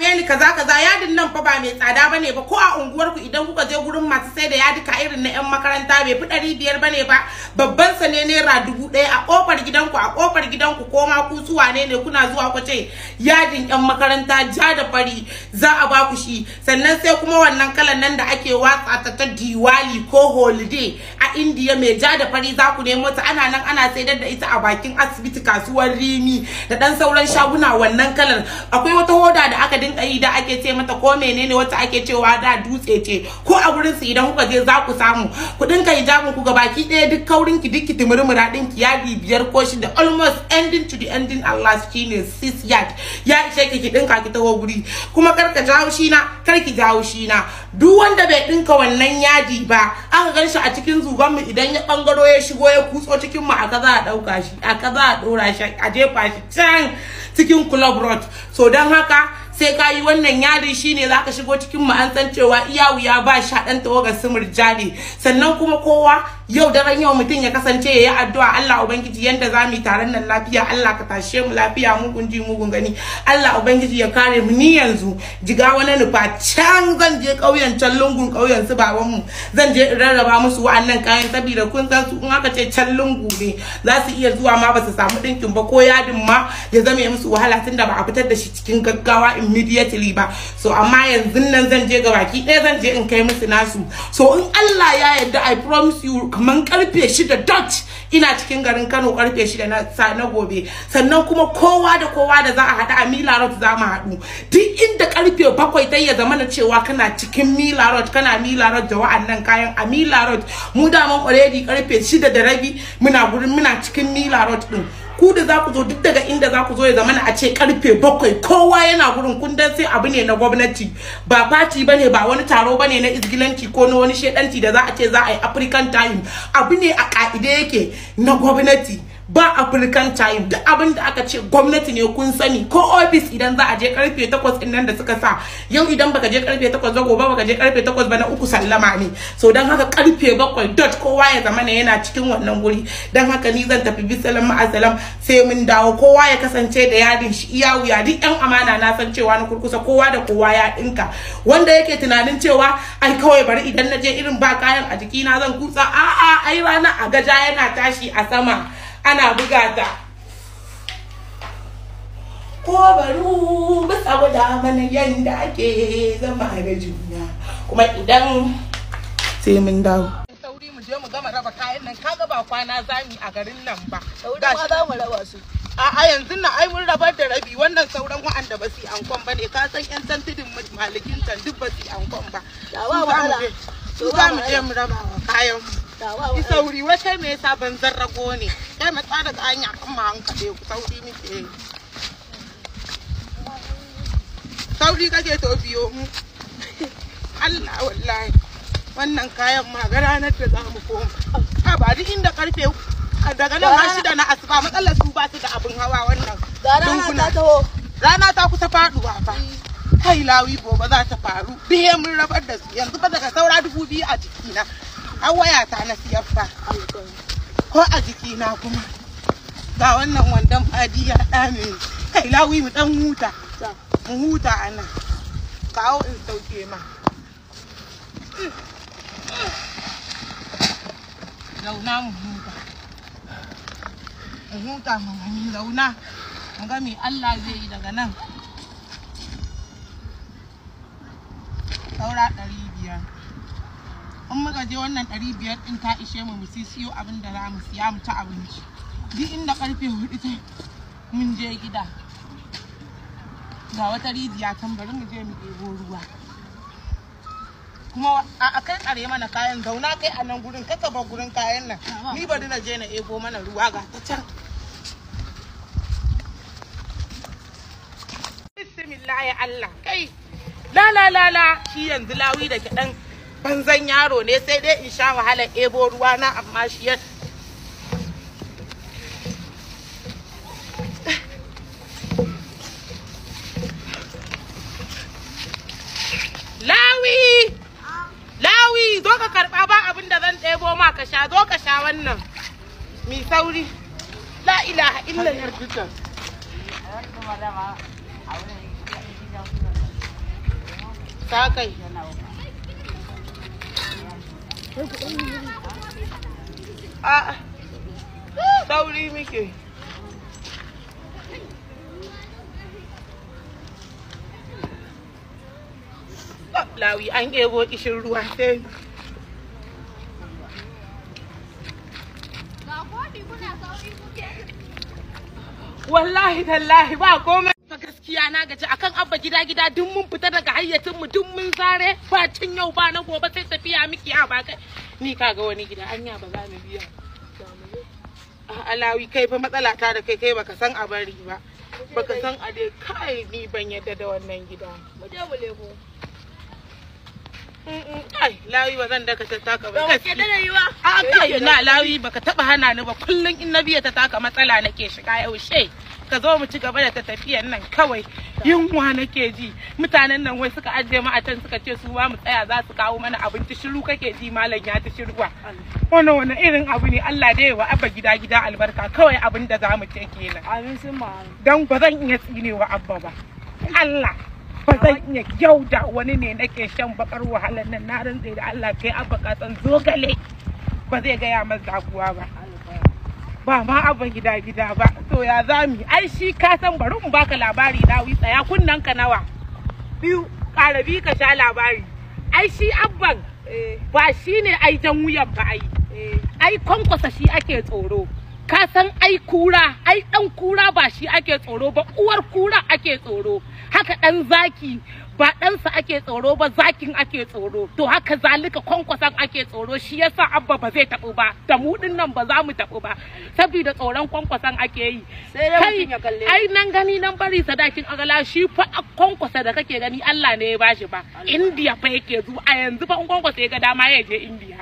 same kaza kaza yadin nan fa ba mai tsada bane ba ko a unguwar ku idan kuka je gurin masu sai da yadi ka irin na yan makaranta bai fi ɗari biyar bane ba babban sa ne naira dubu ɗaya a kofar gidanku a kofar gidanku ko ma ku su wane ne kuna zuwa ku ce yadin yan makaranta ja da fari za a ba ku shi sannan sai kuma wannan kalan nan da ake watsa ta ta diwali ko holiday a indiya mai ja da fari za ku nemo ta ana nan ana saidar da ita a bakin asibiti kasuwar rimi da dan sauran shaguna wannan kalan akwai wata hoda da aka rinka yi da ake ce mata ko menene wata ake cewa da dutse ce ko a gurin su idan kuka je za ku samu ku dinka hijabin ku baki ɗaya duk kaurin ki duk timurmura din ki yadi biyar ko da almost ending to the ending Allah ne six yard ya ishe ki ki dinka ki taho guri kuma kar ka jawo shi na kar ki jawo shi na duk wanda bai dinka wannan yadi ba aka gan shi a cikin zugon mu idan ya bangaro ya shigo ya kutso cikin mu a kaza a dauka shi a kaza a dora shi a jefa shi can cikin club road so don haka sai ka yi wannan yari shine za ka shigo cikin mu an san cewa iya wuya ba sha ɗan tawagar sumur murjani sannan kuma kowa yau daren yau mutum ya kasance ya yi addu'a Allah ubangiji yanda za mu taron nan lafiya Allah ka tashe mu lafiya mugun ji mugun gani Allah ubangiji ya kare mu ni yanzu jiga wani nufa can zan je ƙauyen can lungun ƙauyen su baban mu zan je in rarraba musu wa'annan kayan saboda kun san su in aka ce can lungu ne za su iya zuwa ma ba su samu ɗinkin ba ko yadin ma ya zama musu wahala tunda ba a fitar da shi cikin gaggawa immediately ba so amma yanzu nan zan je ga baki ɗaya zan je in kai musu nasu so in Allah ya yarda I promise you kaman karfe shida dot ina cikin garin Kano karfe shida na na gobe sannan kuma kowa da kowa da za a haɗu a Mila Road za mu haɗu duk inda karfe bakwai dai ya zama na cewa kana cikin Mila Road kana Mila Road da wa'annan kayan a Mila mu da mun already karfe shida da rabi muna gurin muna cikin Mila Road din ku da za ku zo duk daga inda za ku zo ya zamana a ce karfe bakwai kowa yana gurin kundan sai abu ne na gwamnati ba fati ba ne ba wani taro ba ne na izgilanci ko na wani shedanci da za a ce za a yi african time abu ne a ka'ide yake na gwamnati ba african time duk abin da aka ce gwamnati ne kun sani ko office idan za a je karfe 8 din nan da suka sa yau idan baka je karfe 8 ba gobe baka je karfe 8 ba na uku sallama ne so dan haka karfe 7 dot kowa ya zama ne yana cikin wannan guri dan haka ni zan tafi bisalam ma'asalam sai mun dawo kowa ya kasance da yadin shi iya wuya duk yan amana na san cewa na kurkusa kowa da kowa ya dinka wanda yake tunanin cewa ai kawai bari idan na je irin ba kayan a jikina zan kutsa a'a ai rana a gaja yana tashi a sama ana buga ta ko baru bisa gwada mana yanda ake zama da juna kuma idan sai mun dawo sauri mu je mu gama raba kayan nan kaga ba kwana zami a garin nan ba sauri ma za mu raba su a'a yanzu na ai mun rabar da rabi wannan sauran wa'anda ba su ankon ba ne ka san yan tantidin malikin tan duk ba su ankon ba su za mu je mu raba kayan mu Ki sauri wai kai me yasa ban zarrago ne. Kai mu tsara da anya kan ma hankali ku sauri muke Sauri kake to biyo mu. Allah wallahi. Wannan kayan ma ga ranar da za mu koma. A ba duk inda karfe daga nan har shida na asuba matsalar su ba su da abin hawa wannan. Ga rana ta taho. Rana ta kusa faduwa fa. kai lawi gobe za ta faru bihe mun rabar da su yanzu fa daga saura dubu biyu a jikina an waya ta na siyar fa ko a jiki na kuma ga wannan wandon fadi ya dame kai lawi mu dan huta mu huta ana. kawo in sauke ma Launa mu huta mu huta mu Launa. mu ga me Allah zai yi daga nan saura ɗari biyar in muka je wannan ɗari biyar ɗin ta ishe mu mu siyo abin da za mu siya mu ci abinci duk inda karfe hudu ta mun je gida ga wata rijiya can bari mu je mu ɗebo ruwa kuma a kai tsare mana kayan zauna kai a nan gurin kaka ba gurin kayan nan ni bari na je na ɗebo mana ruwa ga ta can bismillah ya Allah kai la la la la shi yanzu lawi da kiɗan banzan yaro ne sai dai in sha wahalar ebo ruwa na amma shi ya Lawi! Lawi, zo ka karba ba abin da zan ɗebo ma ka sha, zo ka sha wannan. Mi sauri. La ilaha ya A'a. Sauri muke. Lawi Wallahi tallahi ba gaskiya na gaji akan abba gida gida duk mun fita daga hayyacin mu duk mun zare ba cin yau ba na gobe sai tafi. miki a ba kai ni kaga wani gida anya ba za mu biya alawi kai fa matsala ta da kai kai baka san a bari ba baka san a dai kai ni ban yadda da wannan gida mu je mu leko kai lawi ba zan daka ta taka ba ke da rayuwa a kai na lawi baka taba hana ni ba kullun in na biya ta taka matsala nake shiga yaushe ka zo mu ci gaba da tafiyan nan kawai yunwa nake ji mutanen nan wai suka ajiye mu a can suka ce su ba mu tsaya za su kawo mana abinci shiru kake ji malam ya ta wa. wani wani irin abu ne Allah da wa abba gida gida albarka kawai abin da za mu ce kenan amin sun ma dan ba zan iya tsinewa abba ba Allah ba zan iya yauda wani ne nake shan bakar wahalar nan na rantsa da Allah kai abba ka san zogale ba zai gaya masa zaguwa ba ba ma abin gida gida ba to ya zami ai shi ka san bari mu baka labari na wi tsaya kunnan ka nawa biyu ƙara ka sha labari ai shi abban eh. ba shi ne ai jan wuyan ba ai eh. ai kwankwasa shi ake tsoro ka san ai kura ai dan kura ba shi ake tsoro ba uwar kura ake tsoro haka dan zaki ba ɗansa ake tsoro ba zakin ake tsoro to haka zalika kwankwason ake tsoro shi yasa abba ba zai taɓu ba da mu din nan ba za mu taɓu ba saboda tsoron kwankwason ake yi sai ai nan gani nan bari sadakin agala shi fa kwankwasa da kake gani Allah ne ya bashi ba indiya fa yake zuwa a yanzu fa kwankwasa ya ga dama ya je indiya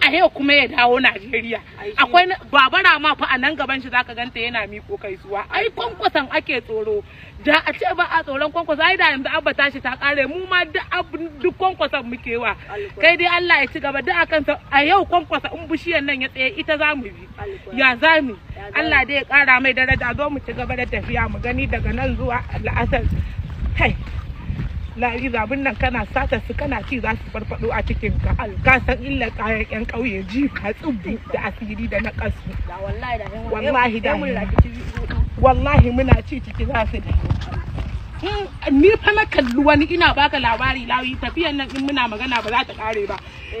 a yau kuma ya dawo najeriya akwai babara ma fa a nan gaban shi zaka ganta yana miko kai zuwa ai kwankwason ake tsoro da a ce ba a tsoron kwankwasa ai da yanzu abba tashi ta kare mu ma duk abin duk kwankwasa muke wa kai dai Allah ya ci gaba duk akan a yau kwankwasa in bishiyar nan ya tsaye ita za mu bi ya za mu Allah dai ya kara mai daraja zo mu ci gaba da tafiya mu gani daga nan zuwa la'asar kai lari zabin nan kana sata su kana ci za su farfado a cikin ka ka san illa kayan yan kauye ji ka da asiri da na kasu wallahi da wallahi muna ci ciki za su dawo ni fa na kalli wani ina baka labari lawi tafiyan nan in muna magana ba za ta kare ba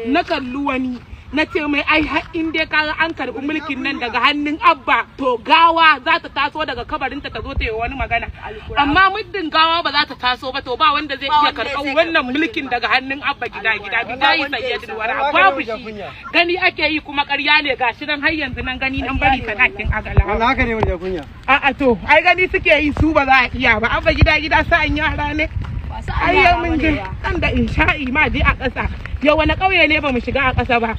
na kalli wani na ce mai ai in dai kaga an karbi mulkin nan daga hannun abba to gawa za ta taso daga kabarinta ta zo ta yi wani magana amma muddin gawa ba za ta taso ba to ba wanda zai iya karɓar wannan mulkin daga hannun abba gida gida gida yi sayyadin wara babu shi gani ake yi kuma ƙarya ne gashi nan har yanzu nan gani nan bari ta dakin agala wala haka ne wanda kunya a'a to ai gani suke yi su ba za a iya ba abba gida gida sa'an yara ne ai mun ji kan da insha'i ma je a ƙasa yau wani ƙauye ne ba mu shiga a ƙasa ba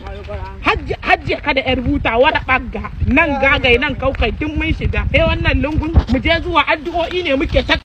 hajji kada yar buta wada ɓagga nan gagai nan kaukai duk mun shiga sai eh, wannan lungun mu je zuwa addu'o'i ne muke